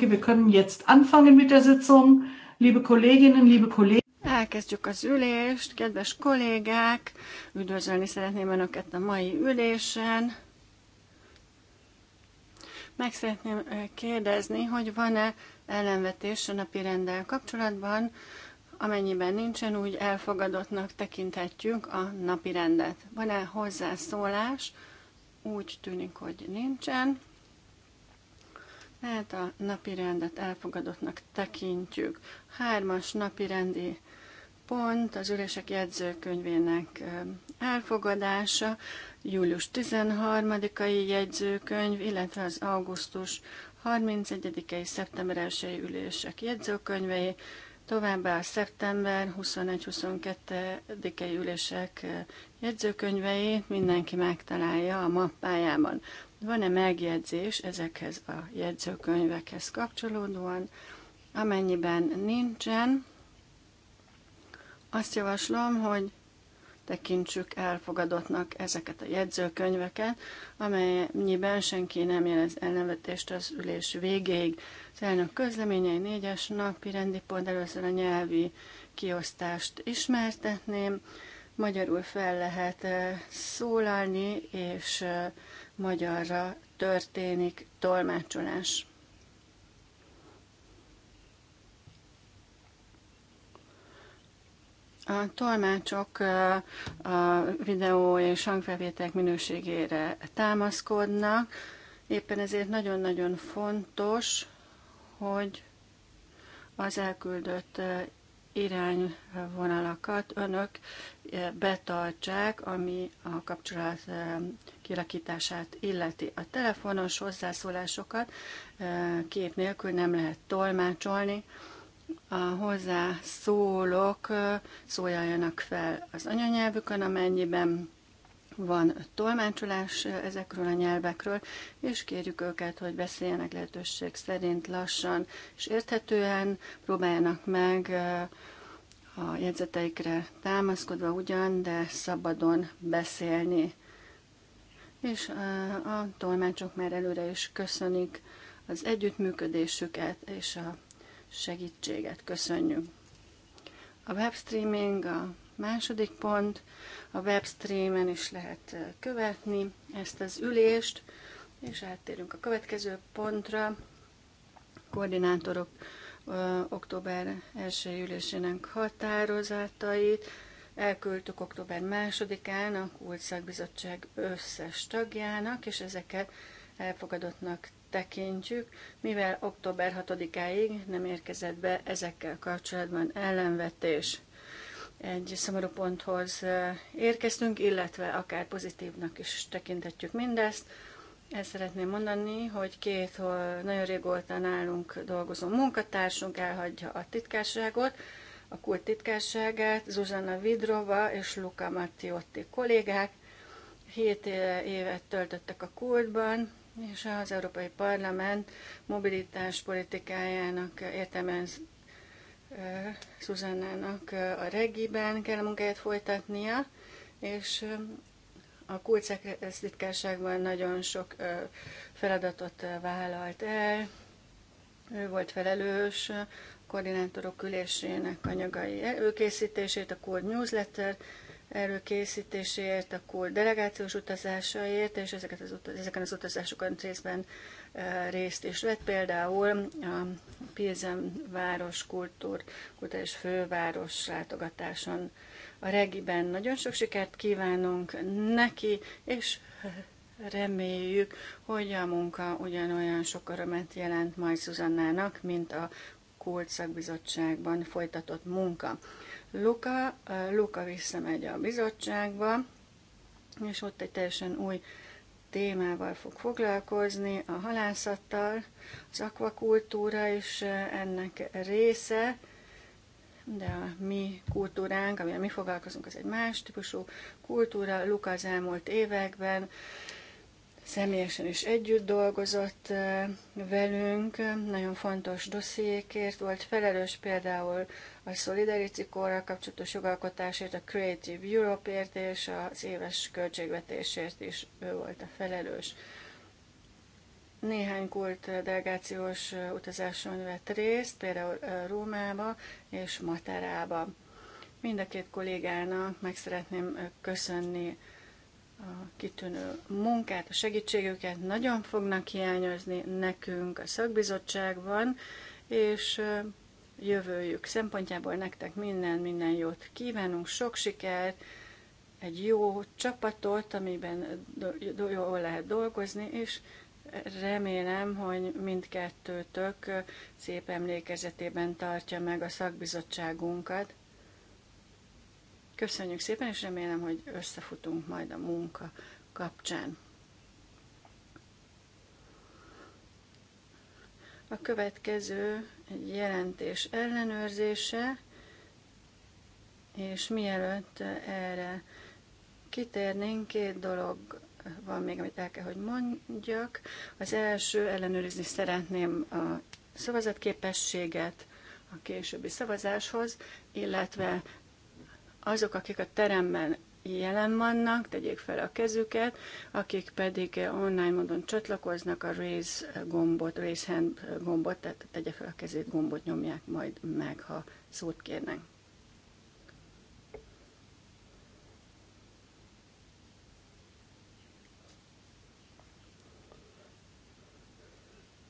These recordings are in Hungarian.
wir können jetzt anfangen mit der Sitzung. Liebe Kolleginnen, liebe Kollegen. Elkezdjük az ülést, kedves kollégák! Üdvözölni szeretném Önöket a mai ülésen. Meg szeretném kérdezni, hogy van-e ellenvetés a napi rendel kapcsolatban. Amennyiben nincsen, úgy elfogadottnak tekinthetjük a napi rendet. Van-e hozzászólás? Úgy tűnik, hogy nincsen. Tehát a napi rendet elfogadottnak tekintjük. Hármas napi rendi pont az ülések jegyzőkönyvének elfogadása, július 13-ai jegyzőkönyv, illetve az augusztus 31-i szeptember 1 ülések jegyzőkönyvei, továbbá a szeptember 21-22-i ülések jegyzőkönyvei, mindenki megtalálja a mappájában. Van-e megjegyzés ezekhez a jegyzőkönyvekhez kapcsolódóan? Amennyiben nincsen, azt javaslom, hogy tekintsük elfogadottnak ezeket a jegyzőkönyveket, amennyiben senki nem jelez elnevetést az ülés végéig. Az elnök közleményei négyes napi rendi pont először a nyelvi kiosztást ismertetném magyarul fel lehet szólalni, és magyarra történik tolmácsolás. A tolmácsok a videó és hangfelvételek minőségére támaszkodnak, éppen ezért nagyon-nagyon fontos, hogy az elküldött irányvonalakat önök eh, betartsák, ami a kapcsolat eh, kialakítását illeti. A telefonos hozzászólásokat eh, kép nélkül nem lehet tolmácsolni, a hozzászólók szólaljanak fel az anyanyelvükön, amennyiben van tolmácsolás ezekről a nyelvekről, és kérjük őket, hogy beszéljenek lehetőség szerint lassan és érthetően, próbáljanak meg a jegyzeteikre támaszkodva ugyan, de szabadon beszélni. És a tolmácsok már előre is köszönik az együttműködésüket és a segítséget. Köszönjük! A webstreaming, a Második pont, a webstreamen is lehet követni ezt az ülést, és áttérünk a következő pontra. Koordinátorok ö, október 1. ülésének határozatait elküldtük október 2-án a Kult összes tagjának, és ezeket elfogadottnak tekintjük, mivel október 6-áig nem érkezett be ezekkel kapcsolatban ellenvetés egy szomorú ponthoz érkeztünk, illetve akár pozitívnak is tekinthetjük mindezt. Ezt szeretném mondani, hogy két nagyon régóta nálunk dolgozó munkatársunk elhagyja a titkárságot, a kult titkárságát, Zuzana Vidrova és Luca Mattiotti kollégák. Hét évet töltöttek a kultban, és az Európai Parlament mobilitás politikájának értelmező Szuzannának a reggiben kell a munkáját folytatnia, és a kulcek titkárságban nagyon sok feladatot vállalt el. Ő volt felelős a koordinátorok ülésének anyagai előkészítését, a kult Newsletter előkészítéséért, a kult delegációs utazásaiért és ezeket az, ezeken az utazásokon részben részt is vett, például a Pilzen város kultúr, kultúrás főváros látogatáson. A regiben nagyon sok sikert kívánunk neki, és reméljük, hogy a munka ugyanolyan sok örömet jelent majd Szuzannának, mint a Kult szakbizottságban folytatott munka. Luka, Luka visszamegy a bizottságba, és ott egy teljesen új uh, témával fog foglalkozni, a halászattal, az akvakultúra is ennek része, de a mi kultúránk, amivel mi foglalkozunk, az egy más típusú kultúra. Luka az elmúlt években személyesen is együtt dolgozott velünk, nagyon fontos dossziékért volt felelős például a Solidarity Corral kapcsolatos jogalkotásért, a Creative Europeért és az éves költségvetésért is ő volt a felelős. Néhány kult delegációs utazáson vett részt, például Rómába és Materába. Mind a két kollégának meg szeretném köszönni a kitűnő munkát, a segítségüket nagyon fognak hiányozni nekünk a szakbizottságban, és jövőjük szempontjából nektek minden, minden jót kívánunk, sok sikert, egy jó csapatot, amiben jól lehet dolgozni, és remélem, hogy mindkettőtök szép emlékezetében tartja meg a szakbizottságunkat. Köszönjük szépen, és remélem, hogy összefutunk majd a munka kapcsán. A következő egy jelentés ellenőrzése, és mielőtt erre kitérnénk, két dolog van még, amit el kell, hogy mondjak. Az első, ellenőrizni szeretném a szavazatképességet a későbbi szavazáshoz, illetve azok, akik a teremben jelen vannak, tegyék fel a kezüket, akik pedig online módon csatlakoznak, a raise gombot, raise hand gombot, tehát tegye fel a kezét gombot nyomják majd meg, ha szót kérnek.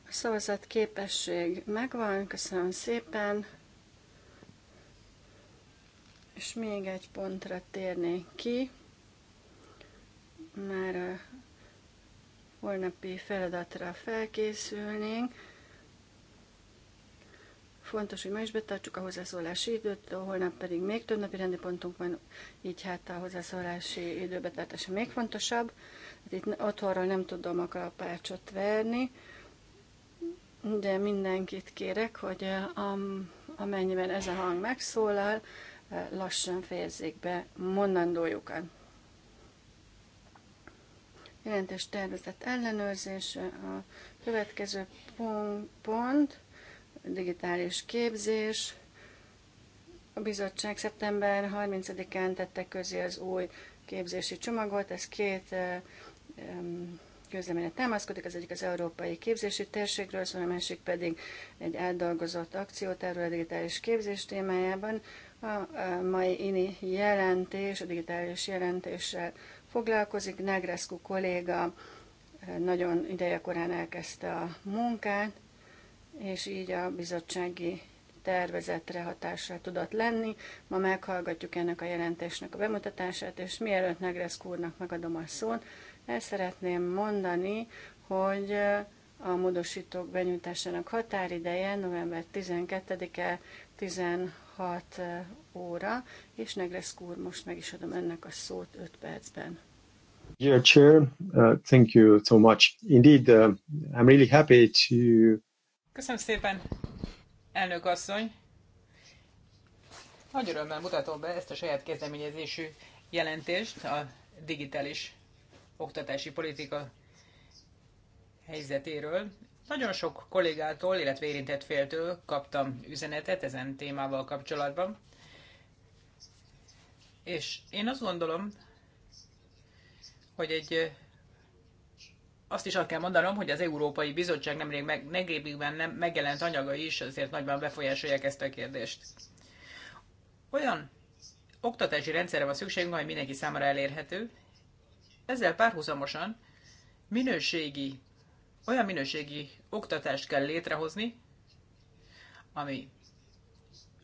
A szavazat képesség megvan, köszönöm szépen. És még egy pontra térnék ki, már a holnapi feladatra felkészülnénk. Fontos, hogy ma is betartsuk a hozzászólási időt, a holnap pedig még több napi rendi pontunk van, így hát a hozzászólási időbetartása még fontosabb. Hát itt otthonról nem tudom a kalapácsot verni, de mindenkit kérek, hogy a, amennyiben ez a hang megszólal, lassan fejezzék be mondandójukat. Jelentős tervezett ellenőrzés, a következő pont, pont digitális képzés. A bizottság szeptember 30-án tette közé az új képzési csomagot, ez két közleményre támaszkodik, az egyik az európai képzési térségről szóval a másik pedig egy átdolgozott erről a digitális képzés témájában. A mai INI jelentés, a digitális jelentéssel foglalkozik. Negrescu kolléga e, nagyon idejekorán elkezdte a munkát, és így a bizottsági tervezetre hatásra tudott lenni. Ma meghallgatjuk ennek a jelentésnek a bemutatását, és mielőtt Negresz úrnak megadom a szót, el szeretném mondani, hogy e, a módosítók benyújtásának határideje november 12-e 6 óra, és Negreszk úr, most meg is adom önnek a szót 5 percben. Dear Chair, uh, thank you so much. Indeed, uh, I'm really happy to... Köszönöm szépen, elnök asszony. Nagy örömmel mutatom be ezt a saját kezdeményezésű jelentést a digitális oktatási politika helyzetéről. Nagyon sok kollégától, illetve érintett féltől kaptam üzenetet ezen témával kapcsolatban. És én azt gondolom, hogy egy azt is el kell mondanom, hogy az Európai Bizottság nemrég meg, nem megjelent anyaga is, azért nagyban befolyásolják ezt a kérdést. Olyan oktatási rendszerre van szükségünk, ami mindenki számára elérhető. Ezzel párhuzamosan minőségi olyan minőségi oktatást kell létrehozni, ami,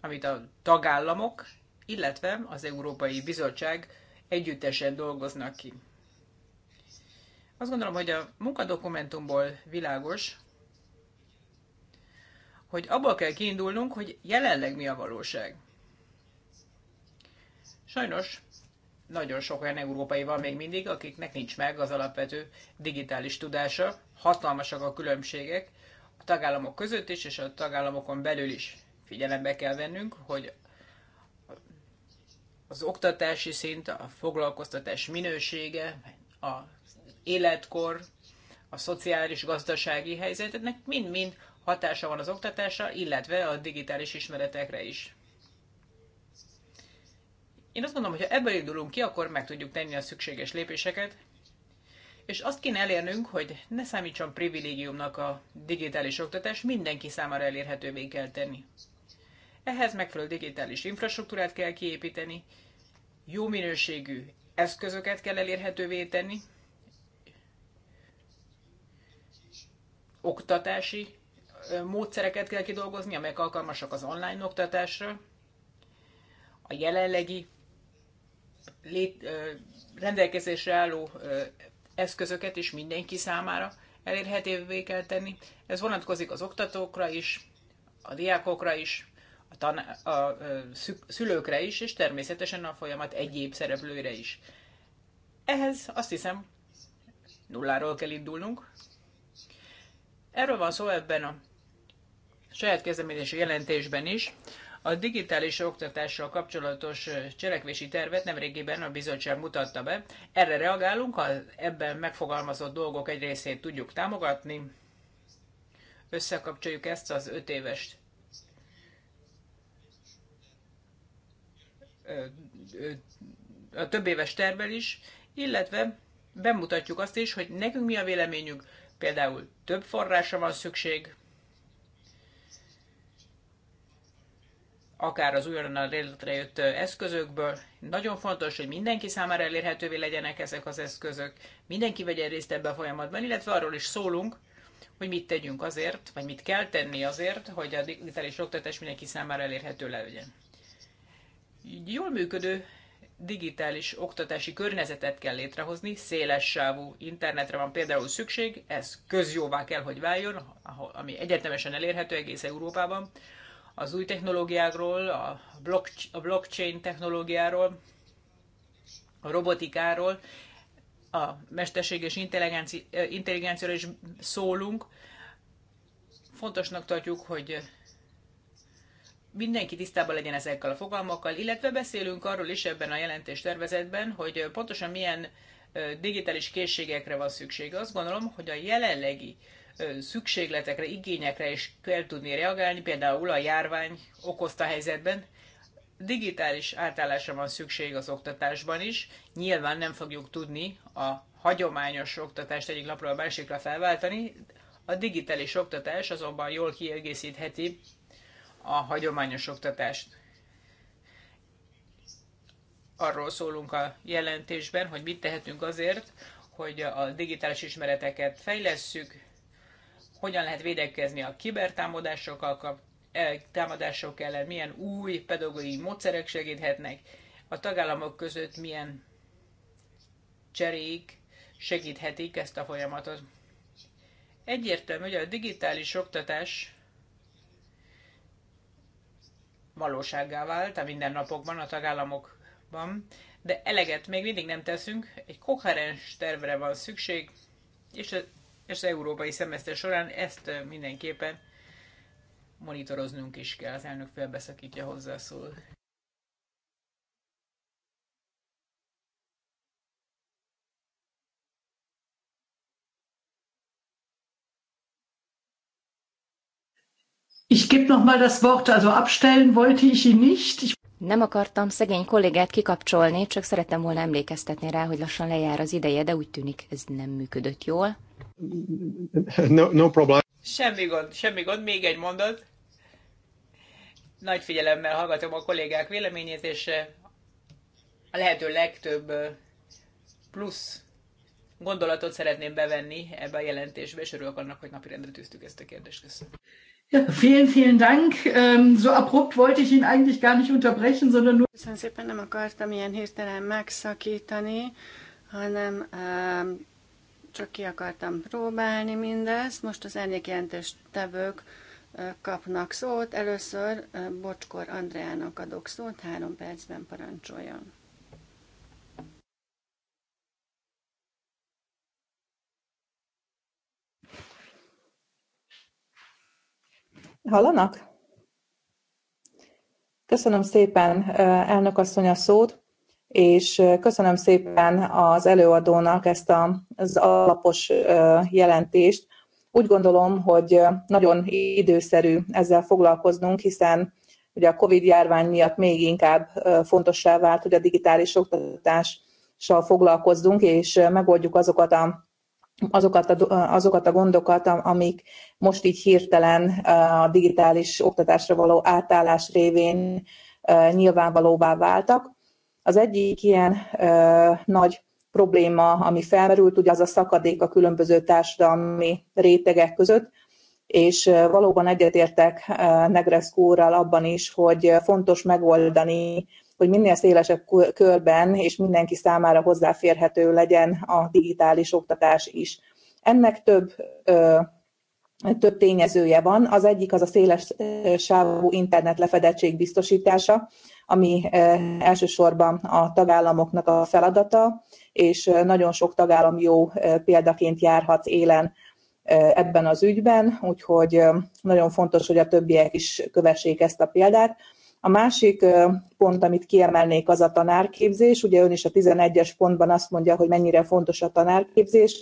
amit a tagállamok, illetve az Európai Bizottság együttesen dolgoznak ki. Azt gondolom, hogy a munkadokumentumból világos, hogy abból kell kiindulnunk, hogy jelenleg mi a valóság. Sajnos nagyon sok olyan európai van még mindig, akiknek nincs meg az alapvető digitális tudása, hatalmasak a különbségek a tagállamok között is, és a tagállamokon belül is figyelembe kell vennünk, hogy az oktatási szint, a foglalkoztatás minősége, az életkor, a szociális, gazdasági helyzetnek mind-mind hatása van az oktatásra, illetve a digitális ismeretekre is. Én azt gondolom, hogy ha ebből indulunk ki, akkor meg tudjuk tenni a szükséges lépéseket, és azt kéne elérnünk, hogy ne számítson privilégiumnak a digitális oktatás, mindenki számára elérhetővé kell tenni. Ehhez megfelelő digitális infrastruktúrát kell kiépíteni, jó minőségű eszközöket kell elérhetővé tenni, oktatási módszereket kell kidolgozni, amelyek alkalmasak az online oktatásra, a jelenlegi lét, rendelkezésre álló eszközöket is mindenki számára elérhetővé kell tenni. Ez vonatkozik az oktatókra is, a diákokra is, a, tan- a, a szülőkre is, és természetesen a folyamat egyéb szereplőire is. Ehhez azt hiszem, nulláról kell indulnunk. Erről van szó ebben a saját kezdeményezési jelentésben is. A digitális oktatással kapcsolatos cselekvési tervet nemrégiben a bizottság mutatta be. Erre reagálunk, ha ebben megfogalmazott dolgok egy részét tudjuk támogatni. Összekapcsoljuk ezt az öt éves a több éves tervel is, illetve bemutatjuk azt is, hogy nekünk mi a véleményünk, például több forrásra van szükség, akár az újonnan jött eszközökből. Nagyon fontos, hogy mindenki számára elérhetővé legyenek ezek az eszközök, mindenki vegyen részt ebbe a folyamatban, illetve arról is szólunk, hogy mit tegyünk azért, vagy mit kell tenni azért, hogy a digitális oktatás mindenki számára elérhető legyen. Jól működő digitális oktatási környezetet kell létrehozni, széles sávú internetre van például szükség, ez közjóvá kell, hogy váljon, ami egyetemesen elérhető egész Európában az új technológiákról, a, a blockchain technológiáról, a robotikáról, a mesterséges intelligenci, eh, intelligenciáról is szólunk. Fontosnak tartjuk, hogy mindenki tisztában legyen ezekkel a fogalmakkal, illetve beszélünk arról is ebben a jelentés tervezetben, hogy pontosan milyen eh, digitális készségekre van szüksége. Azt gondolom, hogy a jelenlegi uh, szükségletekre, igényekre is kell tudni reagálni, például a járvány okozta helyzetben. Digitális átállásra van szükség az oktatásban is. Nyilván nem fogjuk tudni a hagyományos oktatást egyik napról a másikra felváltani, a digitális oktatás azonban jól kiegészítheti a hagyományos oktatást. Arról szólunk a jelentésben, hogy mit tehetünk azért, hogy a digitális ismereteket fejlesszük, hogyan lehet védekezni a kibertámadásokkal, e, támadások ellen, milyen új pedagógiai módszerek segíthetnek, a tagállamok között milyen cserék segíthetik ezt a folyamatot. Egyértelmű, hogy a digitális oktatás valósággá vált a mindennapokban, a tagállamokban, de eleget még mindig nem teszünk, egy koherens tervre van szükség, és és az európai szemeszter során ezt mindenképpen monitoroznunk is kell. Az elnök felbeszakítja hozzászól. Ich gebe noch mal das Wort, also abstellen wollte ich ihn nicht. Ich nem akartam szegény kollégát kikapcsolni, csak szerettem volna emlékeztetni rá, hogy lassan lejár az ideje, de úgy tűnik ez nem működött jól. No, no problem. Semmi gond, semmi gond, még egy mondat. Nagy figyelemmel hallgatom a kollégák véleményét, és eh, a lehető legtöbb eh, plusz gondolatot szeretném bevenni ebbe a jelentésbe, és örülök annak, hogy napirendre tűztük ezt a kérdést. Köszönöm. Ja, vielen, vielen Dank. Um, so abrupt wollte ich ihn eigentlich gar nicht unterbrechen, sondern nur... Köszönöm szépen, nem akartam ilyen hirtelen megszakítani, hanem ähm, csak ki akartam próbálni mindezt. Most az árnyékjelentős tevők kapnak szót. Először Bocskor Andreának adok szót, három percben parancsoljon. Hallanak? Köszönöm szépen, elnök asszony a szót és köszönöm szépen az előadónak ezt a, az alapos jelentést. Úgy gondolom, hogy nagyon időszerű ezzel foglalkoznunk, hiszen ugye a Covid járvány miatt még inkább fontossá vált, hogy a digitális oktatással foglalkozzunk, és megoldjuk azokat a azokat a, azokat a gondokat, amik most így hirtelen a digitális oktatásra való átállás révén nyilvánvalóvá váltak. Az egyik ilyen ö, nagy probléma, ami felmerült, ugye az a szakadék a különböző társadalmi rétegek között, és valóban egyetértek Negreszkóral abban is, hogy fontos megoldani, hogy minél szélesebb körben és mindenki számára hozzáférhető legyen a digitális oktatás is. Ennek több, ö, több tényezője van. Az egyik az a széles sávú internet lefedettség biztosítása, ami elsősorban a tagállamoknak a feladata, és nagyon sok tagállam jó példaként járhat élen ebben az ügyben, úgyhogy nagyon fontos, hogy a többiek is kövessék ezt a példát. A másik pont, amit kiemelnék, az a tanárképzés. Ugye ön is a 11-es pontban azt mondja, hogy mennyire fontos a tanárképzés,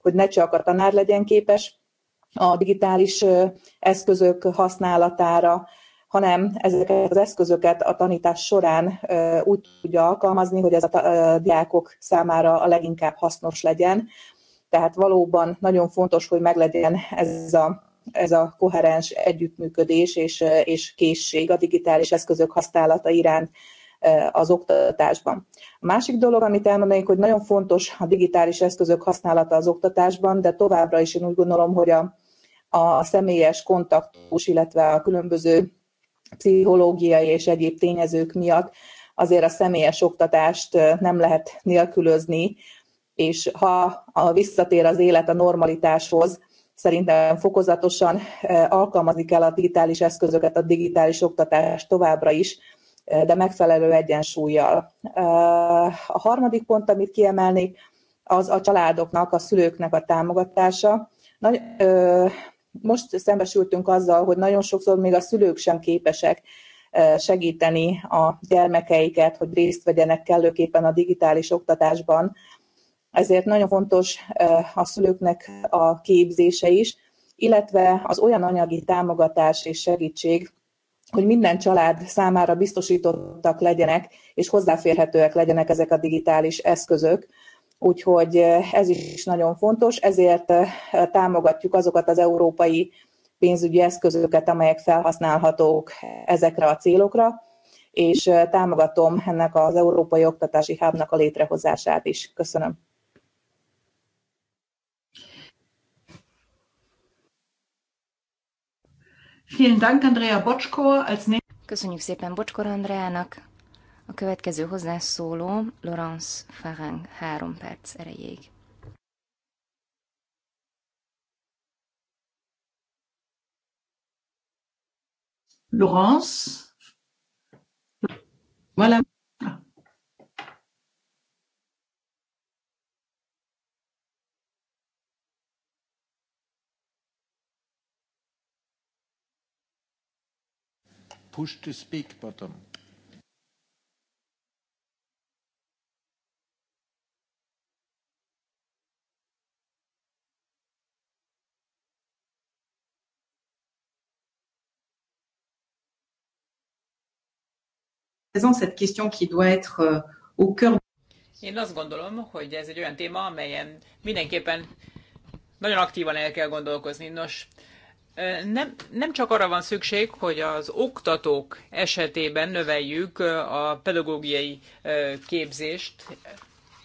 hogy ne csak a tanár legyen képes a digitális eszközök használatára, hanem ezeket az eszközöket a tanítás során úgy tudja alkalmazni, hogy ez a diákok számára a leginkább hasznos legyen. Tehát valóban nagyon fontos, hogy meglegyen ez a ez a koherens együttműködés és, és készség a digitális eszközök használata iránt az oktatásban. A másik dolog, amit elmondanék, hogy nagyon fontos a digitális eszközök használata az oktatásban, de továbbra is én úgy gondolom, hogy a, a személyes kontaktus, illetve a különböző pszichológiai és egyéb tényezők miatt azért a személyes oktatást nem lehet nélkülözni, és ha visszatér az élet a normalitáshoz, szerintem fokozatosan alkalmazni kell a digitális eszközöket, a digitális oktatást továbbra is, de megfelelő egyensúlyjal. A harmadik pont, amit kiemelnék, az a családoknak, a szülőknek a támogatása. Nagy, most szembesültünk azzal, hogy nagyon sokszor még a szülők sem képesek segíteni a gyermekeiket, hogy részt vegyenek kellőképpen a digitális oktatásban. Ezért nagyon fontos a szülőknek a képzése is, illetve az olyan anyagi támogatás és segítség, hogy minden család számára biztosítottak legyenek, és hozzáférhetőek legyenek ezek a digitális eszközök, Úgyhogy eh, ez is nagyon fontos, ezért eh, támogatjuk azokat az európai pénzügyi eszközöket, amelyek felhasználhatók ezekre a célokra, és eh, támogatom ennek az Európai Oktatási Hábnak a létrehozását is. Köszönöm. Köszönjük szépen Bocskor Andreának. A következő hozzászóló Laurence Farang három perc erejéig. Laurence, voilà. Push to speak button. cette question qui doit être euh, au cœur. Én azt gondolom, hogy ez egy olyan téma, amelyen mindenképpen nagyon aktívan el kell gondolkozni. Nos, nem, nem csak arra van szükség, hogy az oktatók esetében növeljük a pedagógiai képzést.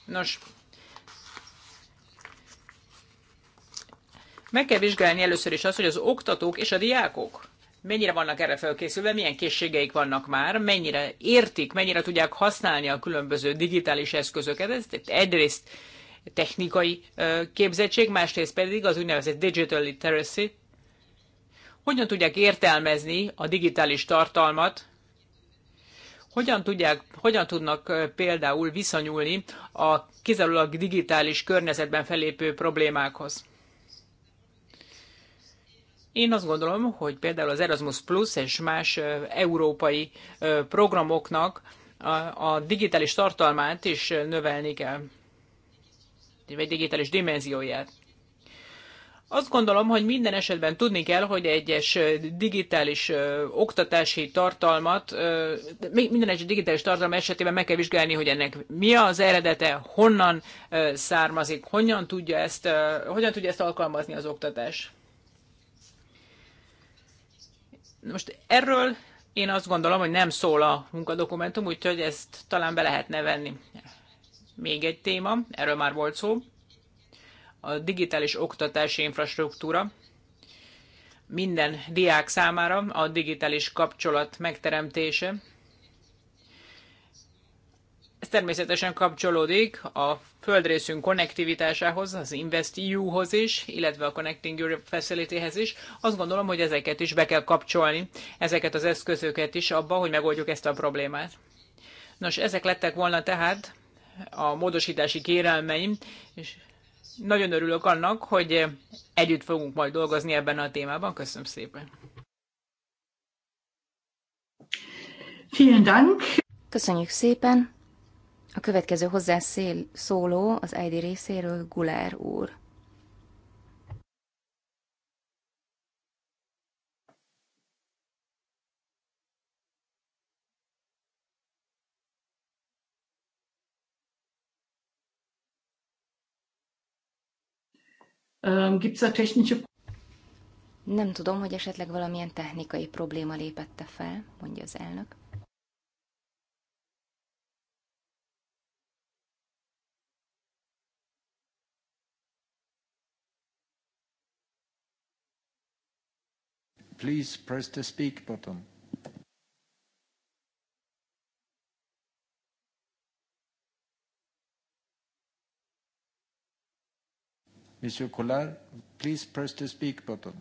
Nos, meg kell vizsgálni először is azt, hogy az oktatók és a diákok mennyire vannak erre felkészülve, milyen készségeik vannak már, mennyire értik, mennyire tudják használni a különböző digitális eszközöket. Ez egyrészt technikai képzettség, másrészt pedig az úgynevezett digital literacy. Hogyan tudják értelmezni a digitális tartalmat, hogyan, tudják, hogyan tudnak például viszonyulni a kizárólag digitális környezetben felépő problémákhoz. Én azt gondolom, hogy például az Erasmus Plus és más európai programoknak a digitális tartalmát is növelni kell, vagy digitális dimenzióját. Azt gondolom, hogy minden esetben tudni kell, hogy egyes digitális ö, oktatási tartalmat, ö, minden egyes digitális tartalma esetében meg kell vizsgálni, hogy ennek mi az eredete, honnan ö, származik, honnan tudja ezt, ö, hogyan tudja ezt alkalmazni az oktatás. Most erről én azt gondolom, hogy nem szól a munkadokumentum, úgyhogy ezt talán be lehetne venni. Még egy téma, erről már volt szó, a digitális oktatási infrastruktúra. Minden diák számára a digitális kapcsolat megteremtése, ez természetesen kapcsolódik a földrészünk konnektivitásához, az InvestEU-hoz is, illetve a Connecting Europe Facility-hez is. Azt gondolom, hogy ezeket is be kell kapcsolni, ezeket az eszközöket is abba, hogy megoldjuk ezt a problémát. Nos, ezek lettek volna tehát a módosítási kérelmeim, és nagyon örülök annak, hogy együtt fogunk majd dolgozni ebben a témában. Köszönöm szépen! Vielen Dank! Köszönjük szépen! A következő szóló az ID részéről Gulár úr. Nem tudom, hogy esetleg valamilyen technikai probléma lépette fel, mondja az elnök. Please press the speak button. Monsieur Collard, please press the speak button.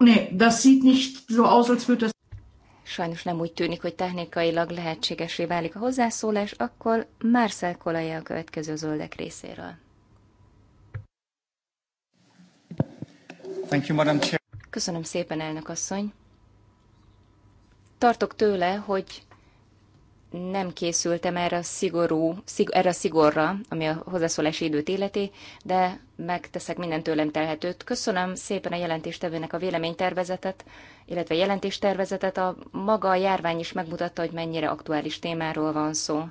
Nee, das sieht nicht so aus, als würde das Sajnos nem úgy tűnik, hogy technikailag lehetségesé válik a hozzászólás, akkor Marcel Kolaja a következő zöldek részéről. Thank you, Madam Chair. Köszönöm szépen, elnök asszony. Tartok tőle, hogy nem készültem erre a, szigorú, szig, erre a szigorra, ami a hozzászólási időt illeti, de megteszek minden tőlem telhetőt. Köszönöm szépen a jelentéstevőnek a véleménytervezetet, illetve a jelentéstervezetet. A maga a járvány is megmutatta, hogy mennyire aktuális témáról van szó.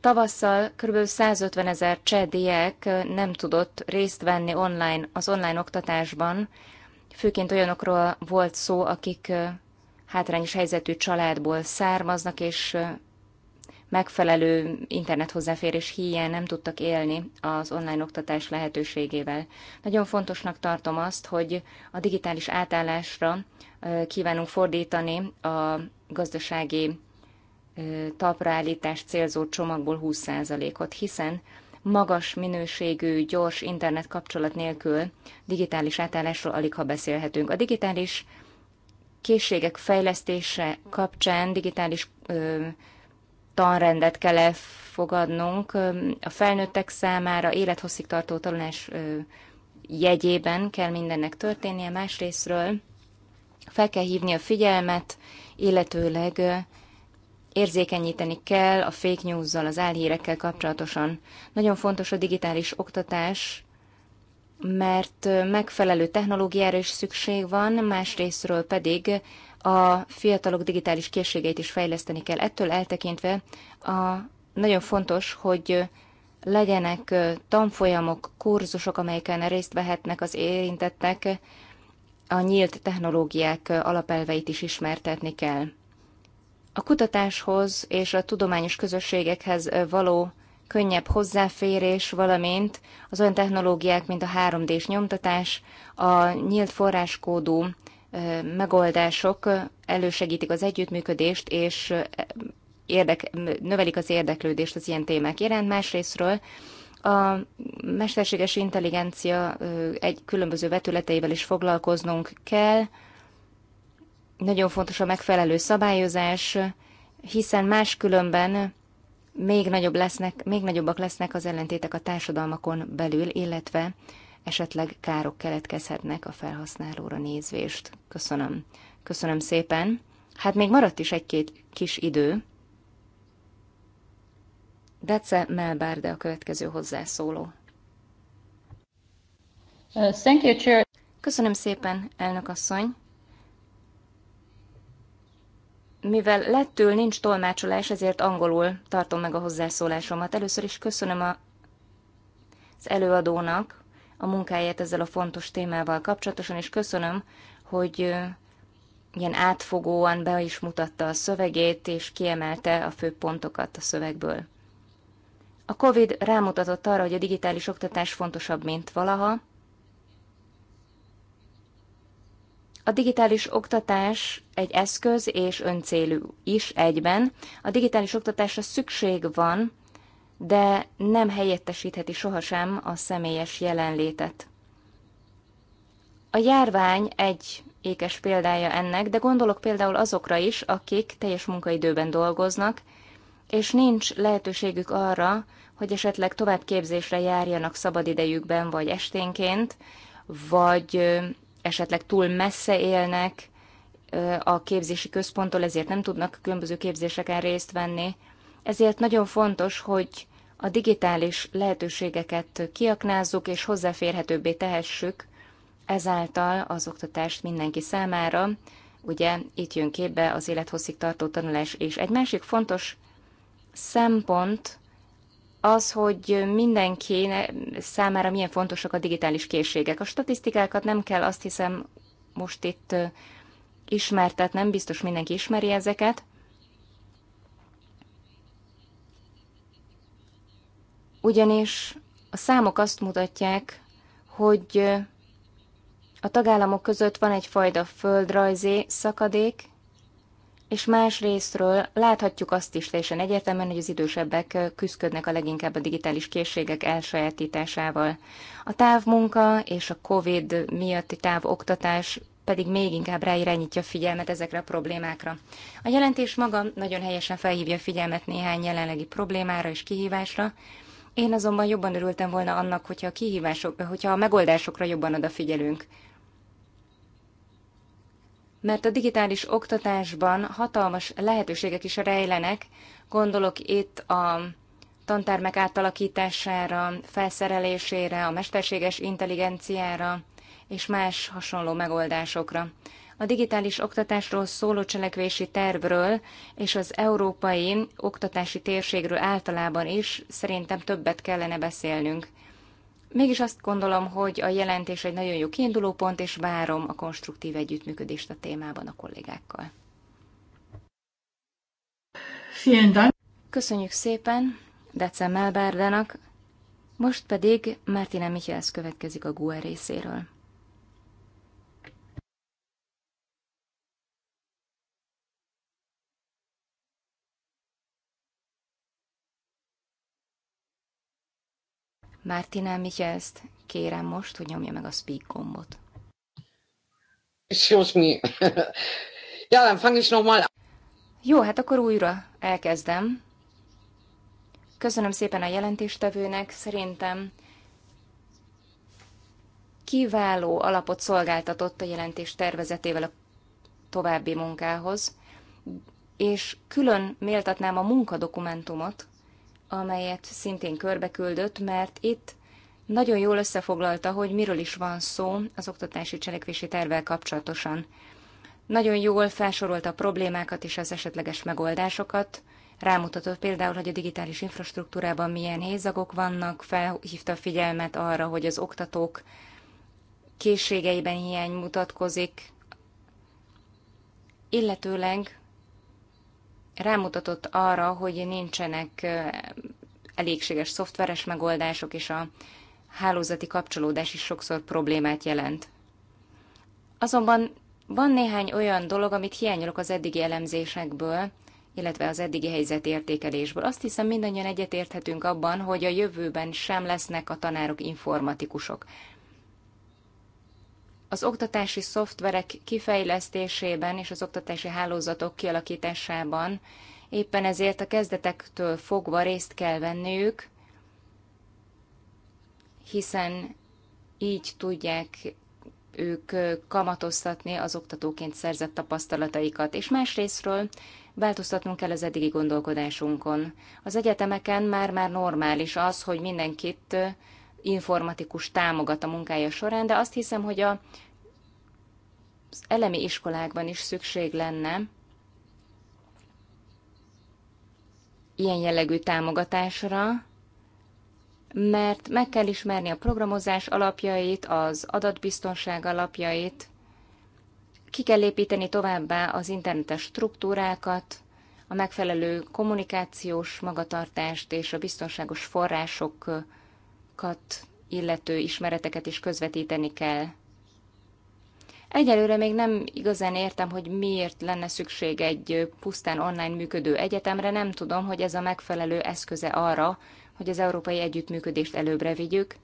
Tavasszal kb. 150 ezer cseh nem tudott részt venni online, az online oktatásban, főként olyanokról volt szó, akik hátrányos helyzetű családból származnak, és megfelelő internet hozzáférés híján nem tudtak élni az online oktatás lehetőségével. Nagyon fontosnak tartom azt, hogy a digitális átállásra kívánunk fordítani a gazdasági talpraállítás célzó csomagból 20%-ot, hiszen magas minőségű, gyors internet kapcsolat nélkül digitális átállásról alig ha beszélhetünk. A digitális készségek fejlesztése kapcsán digitális ö, tanrendet kell elfogadnunk a felnőttek számára, élethosszig tartó tanulás ö, jegyében kell mindennek történnie, másrésztről fel kell hívni a figyelmet, illetőleg ö, érzékenyíteni kell a fake news-zal, az álhírekkel kapcsolatosan. Nagyon fontos a digitális oktatás mert megfelelő technológiára is szükség van, másrésztről pedig a fiatalok digitális készségeit is fejleszteni kell. Ettől eltekintve a, nagyon fontos, hogy legyenek tanfolyamok, kurzusok, amelyeken részt vehetnek az érintettek, a nyílt technológiák alapelveit is ismertetni kell. A kutatáshoz és a tudományos közösségekhez való könnyebb hozzáférés, valamint az olyan technológiák, mint a 3D-s nyomtatás, a nyílt forráskódú megoldások elősegítik az együttműködést, és érdek, növelik az érdeklődést az ilyen témák iránt. Másrésztről a mesterséges intelligencia egy különböző vetületeivel is foglalkoznunk kell. Nagyon fontos a megfelelő szabályozás, hiszen máskülönben még, nagyobb lesznek, még nagyobbak lesznek az ellentétek a társadalmakon belül, illetve esetleg károk keletkezhetnek a felhasználóra nézvést. Köszönöm. Köszönöm szépen. Hát még maradt is egy-két kis idő. Dece Melbárde a következő hozzászóló. Uh, thank you, Chair. Köszönöm szépen, elnök asszony. Mivel lettől nincs tolmácsolás, ezért angolul tartom meg a hozzászólásomat. Először is köszönöm a, az előadónak a munkáját ezzel a fontos témával kapcsolatosan, és köszönöm, hogy ilyen átfogóan be is mutatta a szövegét, és kiemelte a fő pontokat a szövegből. A COVID rámutatott arra, hogy a digitális oktatás fontosabb, mint valaha, A digitális oktatás egy eszköz és öncélű is egyben. A digitális oktatásra szükség van, de nem helyettesítheti sohasem a személyes jelenlétet. A járvány egy ékes példája ennek, de gondolok például azokra is, akik teljes munkaidőben dolgoznak, és nincs lehetőségük arra, hogy esetleg továbbképzésre járjanak szabadidejükben, vagy esténként, vagy esetleg túl messze élnek a képzési központtól, ezért nem tudnak különböző képzéseken részt venni. Ezért nagyon fontos, hogy a digitális lehetőségeket kiaknázzuk és hozzáférhetőbbé tehessük ezáltal az oktatást mindenki számára. Ugye itt jön képbe az élethosszig tartó tanulás, és egy másik fontos szempont az, hogy mindenki számára milyen fontosak a digitális készségek. A statisztikákat nem kell azt hiszem most itt nem biztos mindenki ismeri ezeket. Ugyanis a számok azt mutatják, hogy a tagállamok között van egyfajta földrajzi szakadék, és más részről láthatjuk azt is teljesen egyértelműen, hogy az idősebbek küzdködnek a leginkább a digitális készségek elsajátításával. A távmunka és a COVID miatti távoktatás pedig még inkább ráirányítja a figyelmet ezekre a problémákra. A jelentés maga nagyon helyesen felhívja a figyelmet néhány jelenlegi problémára és kihívásra, én azonban jobban örültem volna annak, hogyha a kihívások, hogyha a megoldásokra jobban odafigyelünk mert a digitális oktatásban hatalmas lehetőségek is rejlenek, gondolok itt a tantármek átalakítására, felszerelésére, a mesterséges intelligenciára és más hasonló megoldásokra. A digitális oktatásról szóló cselekvési tervről és az európai oktatási térségről általában is szerintem többet kellene beszélnünk. Mégis azt gondolom, hogy a jelentés egy nagyon jó kiinduló pont, és várom a konstruktív együttműködést a témában a kollégákkal. Köszönjük szépen Decem Bárdának, most pedig Martina Michaels következik a GUE részéről. Martina Michelszt kérem most, hogy nyomja meg a speak gombot. Excuse me. ja, dann nochmal Jó, hát akkor újra elkezdem. Köszönöm szépen a jelentéstevőnek, szerintem kiváló alapot szolgáltatott a jelentés tervezetével a további munkához, és külön méltatnám a munkadokumentumot, amelyet szintén körbeküldött, mert itt nagyon jól összefoglalta, hogy miről is van szó az oktatási cselekvési tervvel kapcsolatosan. Nagyon jól felsorolta a problémákat és az esetleges megoldásokat, rámutatott például, hogy a digitális infrastruktúrában milyen hézagok vannak, felhívta a figyelmet arra, hogy az oktatók készségeiben hiány mutatkozik, illetőleg rámutatott arra, hogy nincsenek elégséges szoftveres megoldások, és a hálózati kapcsolódás is sokszor problémát jelent. Azonban van néhány olyan dolog, amit hiányolok az eddigi elemzésekből, illetve az eddigi helyzet értékelésből. Azt hiszem mindannyian egyetérthetünk abban, hogy a jövőben sem lesznek a tanárok informatikusok. Az oktatási szoftverek kifejlesztésében és az oktatási hálózatok kialakításában éppen ezért a kezdetektől fogva részt kell venniük, hiszen így tudják ők kamatoztatni az oktatóként szerzett tapasztalataikat, és másrésztről változtatnunk kell az eddigi gondolkodásunkon. Az egyetemeken már-már normális az, hogy mindenkit informatikus támogat a munkája során, de azt hiszem, hogy a az elemi iskolákban is szükség lenne ilyen jellegű támogatásra, mert meg kell ismerni a programozás alapjait, az adatbiztonság alapjait, ki kell építeni továbbá az internetes struktúrákat, a megfelelő kommunikációs magatartást és a biztonságos forrásokat illető ismereteket is közvetíteni kell. Egyelőre még nem igazán értem, hogy miért lenne szükség egy pusztán online működő egyetemre, nem tudom, hogy ez a megfelelő eszköze arra, hogy az európai együttműködést előbbre vigyük.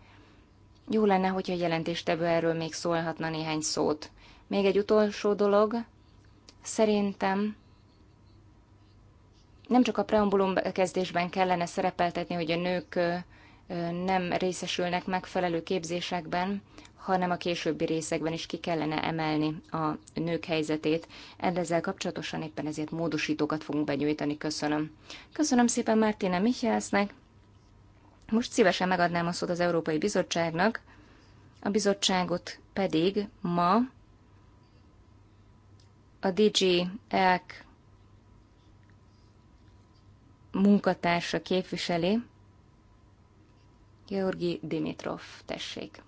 Jó lenne, hogyha a jelentéstevő erről még szólhatna néhány szót. Még egy utolsó dolog. Szerintem nem csak a preambulum kezdésben kellene szerepeltetni, hogy a nők nem részesülnek megfelelő képzésekben, hanem a későbbi részekben is ki kellene emelni a nők helyzetét. Ezzel kapcsolatosan éppen ezért módosítókat fogunk benyújtani. Köszönöm. Köszönöm szépen Mártina Michelsnek. Most szívesen megadnám a szót az Európai Bizottságnak, a bizottságot pedig ma a DG ELK munkatársa képviseli, Georgi Dimitrov, tessék.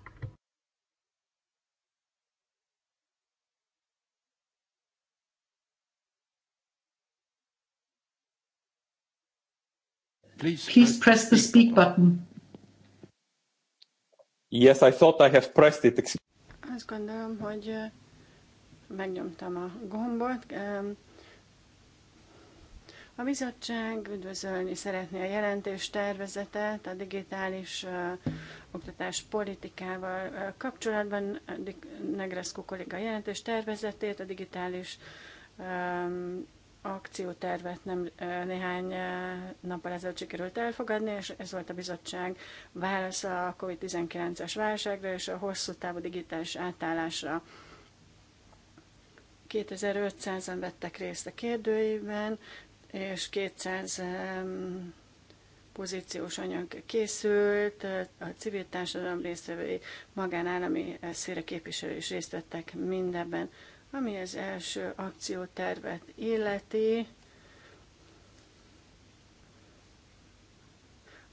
Please, press the speak button. Yes, I thought I have pressed it. Azt gondolom, hogy megnyomtam a gombot. A bizottság üdvözölni szeretné a jelentés tervezetet a digitális uh, oktatás politikával uh, kapcsolatban. Negreszkó kolléga jelentés tervezetét, a digitális um, akciótervet nem néhány nappal ezelőtt sikerült elfogadni, és ez volt a bizottság válasza a COVID-19-es válságra és a hosszú távú digitális átállásra. 2500-an vettek részt a kérdőjében, és 200 pozíciós anyag készült, a civil társadalom résztvevői magánállami eh, szére képviselő is részt vettek mindebben. Ami az első akciótervet illeti,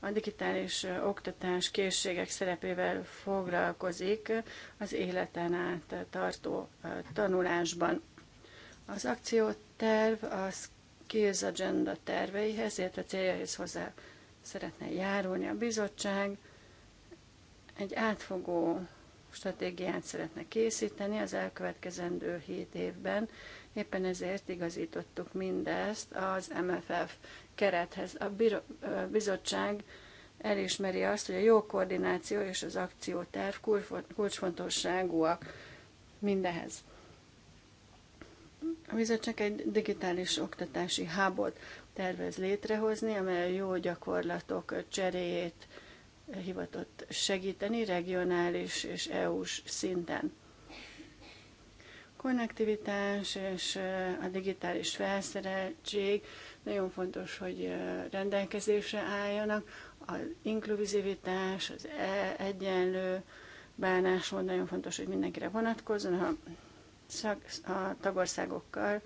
a digitális oktatás készségek szerepével foglalkozik az életen át tartó tanulásban. Az akcióterv az Skills Agenda terveihez, illetve céljaihoz hozzá szeretne járulni a bizottság. Egy átfogó stratégiát szeretne készíteni az elkövetkezendő 7 évben. Éppen ezért igazítottuk mindezt az MFF kerethez. A bizottság elismeri azt, hogy a jó koordináció és az akcióterv kulcsfontosságúak mindehez. A bizottság egy digitális oktatási hábot tervez létrehozni, amely a jó gyakorlatok cseréjét hivatott segíteni regionális és EU-s szinten. Konnektivitás és a digitális felszereltség nagyon fontos, hogy rendelkezésre álljanak. Az inkluzivitás, az egyenlő bánásmód nagyon fontos, hogy mindenkire vonatkozzon. Ha a tagországokkal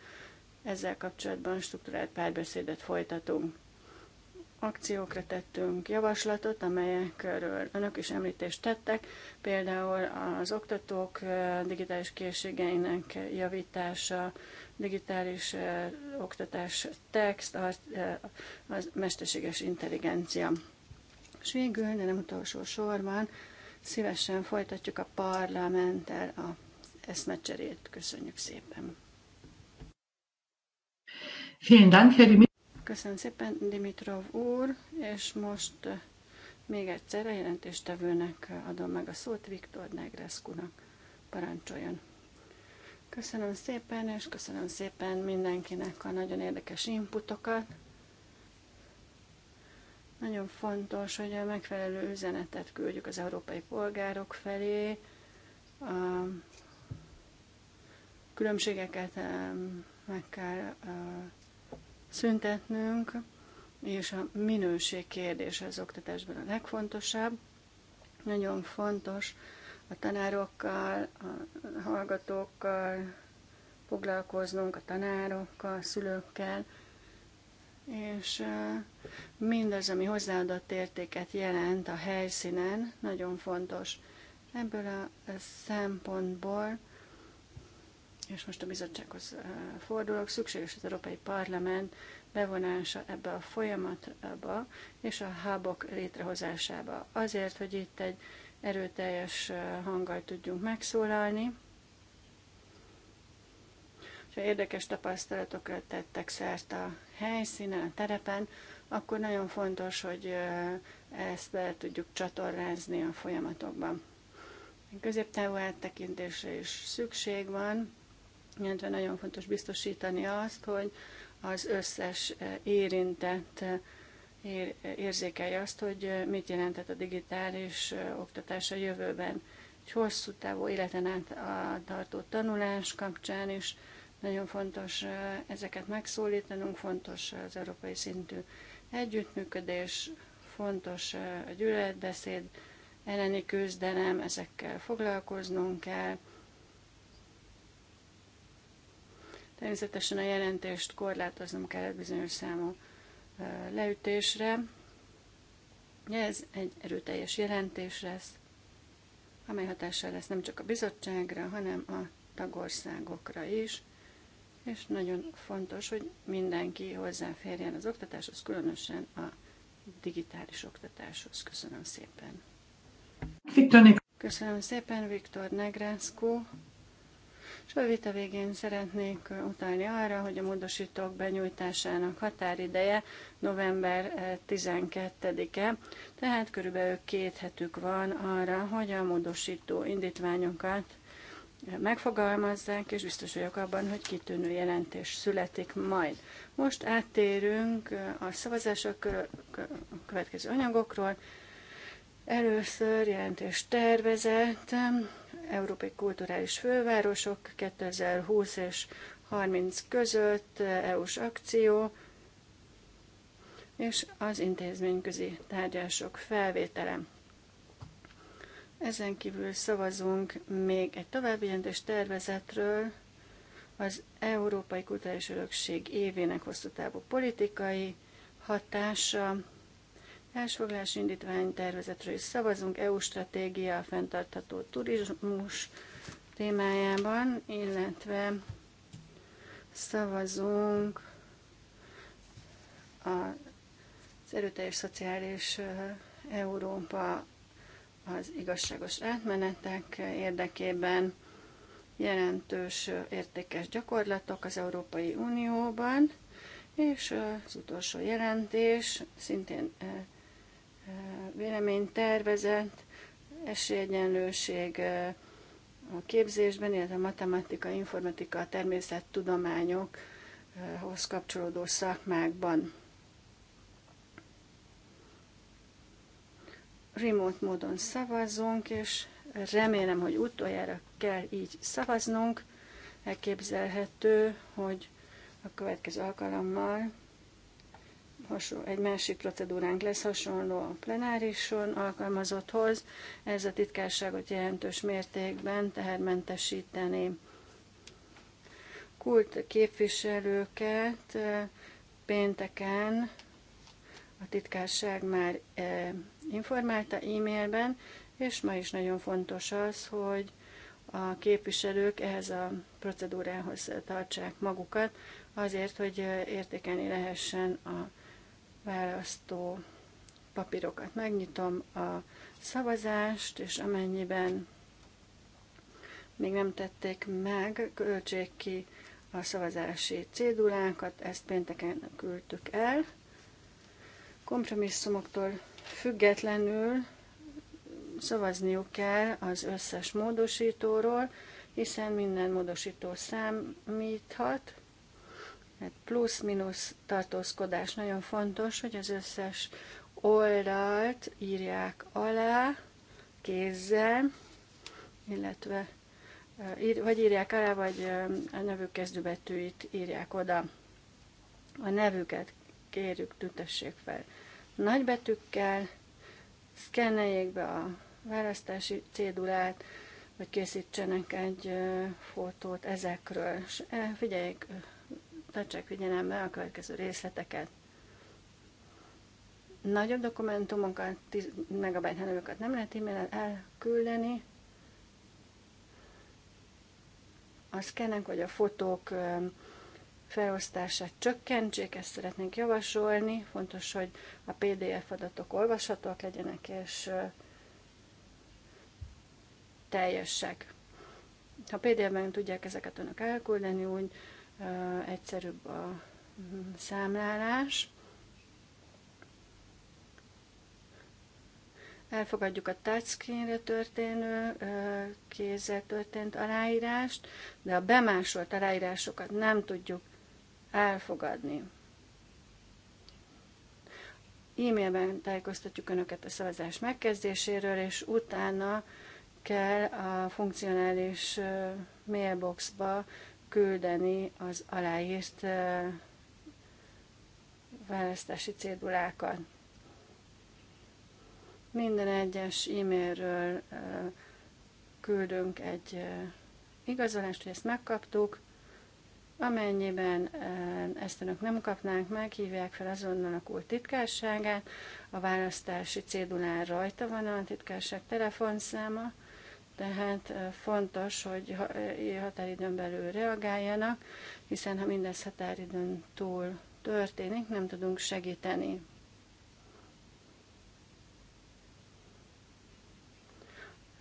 ezzel kapcsolatban struktúrált párbeszédet folytatunk. Akciókra tettünk javaslatot, amelyekről önök is említést tettek, például az oktatók digitális készségeinek javítása, digitális oktatás text, a mesterséges intelligencia. És végül, de nem utolsó sorban, szívesen folytatjuk a parlamenttel a eszmecserét. Köszönjük szépen! Köszönöm szépen, Dimitrov úr, és most eh, még egyszer a jelentéstevőnek adom meg a szót Viktor Negreszkunak. Parancsoljon! Köszönöm szépen, és köszönöm szépen mindenkinek a nagyon érdekes inputokat. Nagyon fontos, hogy a megfelelő üzenetet küldjük az európai polgárok felé, a különbségeket eh, meg kell eh, szüntetnünk, és a minőség kérdése az oktatásban a legfontosabb. Nagyon fontos a tanárokkal, a hallgatókkal foglalkoznunk, a tanárokkal, a szülőkkel, és eh, mindaz, ami hozzáadott értéket jelent a helyszínen, nagyon fontos. Ebből a szempontból és most a bizottsághoz fordulok, szükséges az Európai Parlament bevonása ebbe a folyamatba és a hábok létrehozásába. Azért, hogy itt egy erőteljes hanggal tudjunk megszólalni, ha érdekes tapasztalatokra tettek szert a helyszínen, a terepen, akkor nagyon fontos, hogy ezt be tudjuk csatornázni a folyamatokban. Középtávú áttekintésre is szükség van, illetve nagyon fontos biztosítani azt, hogy az összes eh, érintett eh, érzékelje azt, hogy eh, mit jelentett a digitális oktatás a jövőben. Egy hosszú távú életen át a tartó tanulás kapcsán is nagyon fontos ezeket megszólítanunk, fontos az európai szintű együttműködés, fontos a gyűlöletbeszéd elleni küzdelem, ezekkel foglalkoznunk kell, Természetesen a jelentést korlátoznom kellett bizonyos számú leütésre. Ez egy erőteljes jelentés lesz, amely hatással lesz nem csak a bizottságra, hanem a tagországokra is, és nagyon fontos, hogy mindenki hozzáférjen az oktatáshoz, különösen a digitális oktatáshoz. Köszönöm szépen! Köszönöm szépen, Viktor Negrászkó! és a vita végén szeretnék utalni arra, hogy a módosítók benyújtásának határideje november 12-e, eh, tehát körülbelül két hetük van arra, hogy a módosító indítványokat eh, megfogalmazzák, és biztos vagyok abban, hogy kitűnő jelentés születik majd. Most áttérünk eh, a szavazások következő anyagokról. Először jelentés tervezett, Európai Kulturális Fővárosok 2020 és 30 között EU-s akció, és az intézményközi tárgyások felvétele. Ezen kívül szavazunk még egy további jelentés tervezetről, az Európai Kulturális Örökség évének hosszú távú politikai hatása, Elsfoglalás indítvány tervezetről is szavazunk, EU stratégia a fenntartható turizmus témájában, illetve szavazunk az erőteljes szociális eh, Európa az igazságos átmenetek érdekében jelentős eh, értékes gyakorlatok az Európai Unióban, és eh, az utolsó jelentés szintén véleménytervezet, esélyegyenlőség a képzésben, illetve a matematika, informatika, a természettudományokhoz kapcsolódó szakmákban. Remote módon szavazzunk, és remélem, hogy utoljára kell így szavaznunk. Elképzelhető, hogy a következő alkalommal hasonló, egy másik procedúránk lesz hasonló a plenárison alkalmazotthoz. Ez a titkárságot jelentős mértékben tehermentesíteni. Kult képviselőket pénteken a titkárság már informálta e-mailben, és ma is nagyon fontos az, hogy a képviselők ehhez a procedúrához tartsák magukat, azért, hogy értékelni lehessen a választó papírokat. Megnyitom a szavazást, és amennyiben még nem tették meg, költsék ki a szavazási cédulánkat, ezt pénteken küldtük el. Kompromisszumoktól függetlenül szavazniuk kell az összes módosítóról, hiszen minden módosító számíthat, mert hát plusz-minusz tartózkodás nagyon fontos, hogy az összes oldalt írják alá kézzel, illetve vagy írják alá, vagy a nevük kezdőbetűit írják oda. A nevüket kérjük, tüntessék fel nagybetűkkel, szkenneljék be a választási cédulát, vagy készítsenek egy fotót ezekről, és figyeljék tartsák figyelembe a következő részleteket. Nagyobb dokumentumokat, 10 megabyte hanyagokat nem lehet e-mailen elküldeni. A szkennek vagy a fotók felosztását csökkentsék, ezt szeretnénk javasolni. Fontos, hogy a PDF adatok olvashatók legyenek, és teljesek. Ha PDF-ben tudják ezeket önök elküldeni, úgy egyszerűbb a számlálás. Elfogadjuk a touchscreenre történő kézzel történt aláírást, de a bemásolt aláírásokat nem tudjuk elfogadni. E-mailben tájékoztatjuk Önöket a szavazás megkezdéséről, és utána kell a funkcionális mailboxba küldeni az aláírt választási cédulákat. Minden egyes e-mailről küldünk egy igazolást, hogy ezt megkaptuk. Amennyiben ezt önök nem kapnánk meg, hívják fel azonnal a kult titkárságát. A választási cédulán rajta van a titkárság telefonszáma. Tehát fontos, hogy határidőn belül reagáljanak, hiszen ha mindez határidőn túl történik, nem tudunk segíteni.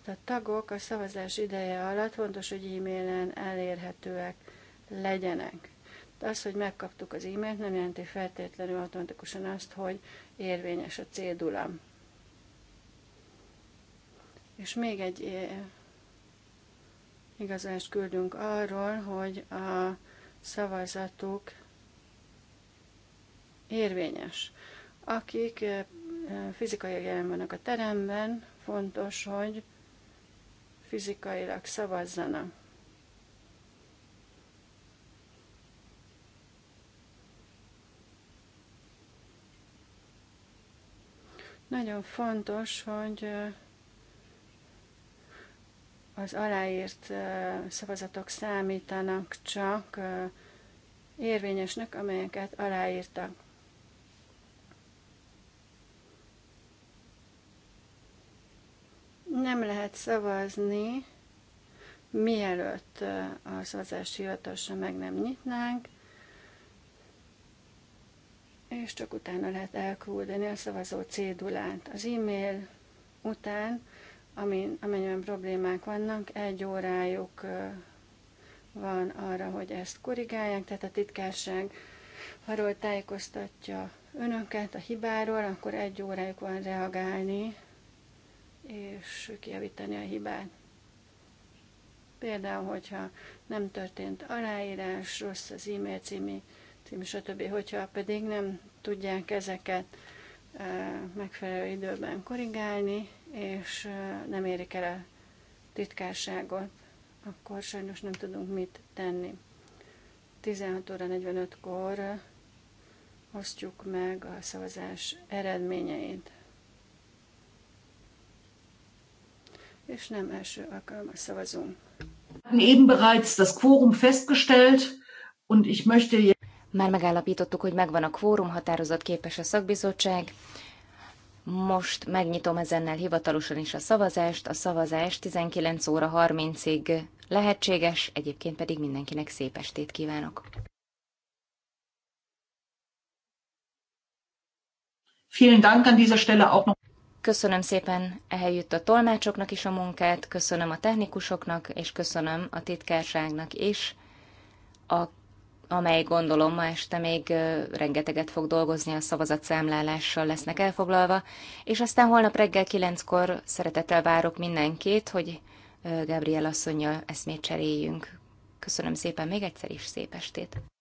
Hát a tagok a szavazás ideje alatt fontos, hogy e-mailen elérhetőek legyenek. De az, hogy megkaptuk az e-mailt, nem jelenti feltétlenül automatikusan azt, hogy érvényes a cédula. És még egy eh, igazást küldünk arról, hogy a szavazatuk érvényes. Akik eh, fizikai jelen vannak a teremben, fontos, hogy fizikailag szavazzanak. Nagyon fontos, hogy eh, az aláírt szavazatok számítanak csak érvényesnek, amelyeket aláírtak. Nem lehet szavazni, mielőtt a szavazási hivatalra meg nem nyitnánk, és csak utána lehet elküldeni a szavazó cédulát. Az e-mail után amin, amennyiben problémák vannak, egy órájuk van arra, hogy ezt korrigálják, tehát a titkárság arról tájékoztatja önöket a hibáról, akkor egy órájuk van reagálni és kijavítani a hibát. Például, hogyha nem történt aláírás, rossz az e-mail cími, cím, stb. Hogyha pedig nem tudják ezeket megfelelő időben korrigálni, és nem érik el a titkárságot, akkor sajnos nem tudunk mit tenni. 16 óra 45-kor osztjuk meg a szavazás eredményeit. És nem első alkalommal szavazunk. Eben bereits das Quorum festgestellt und ich möchte már megállapítottuk, hogy megvan a kvórum, határozat képes a szakbizottság. Most megnyitom ezennel hivatalosan is a szavazást. A szavazás 19 óra 30-ig lehetséges, egyébként pedig mindenkinek szép estét kívánok. Vielen Dank an dieser Stelle auch noch. Köszönöm szépen ehelyütt a tolmácsoknak is a munkát, köszönöm a technikusoknak, és köszönöm a titkárságnak is a amely gondolom ma este még rengeteget fog dolgozni, a szavazatszámlálással lesznek elfoglalva, és aztán holnap reggel kilenckor szeretettel várok mindenkit, hogy Gabriel asszonyjal eszmét cseréljünk. Köszönöm szépen még egyszer is, szép estét!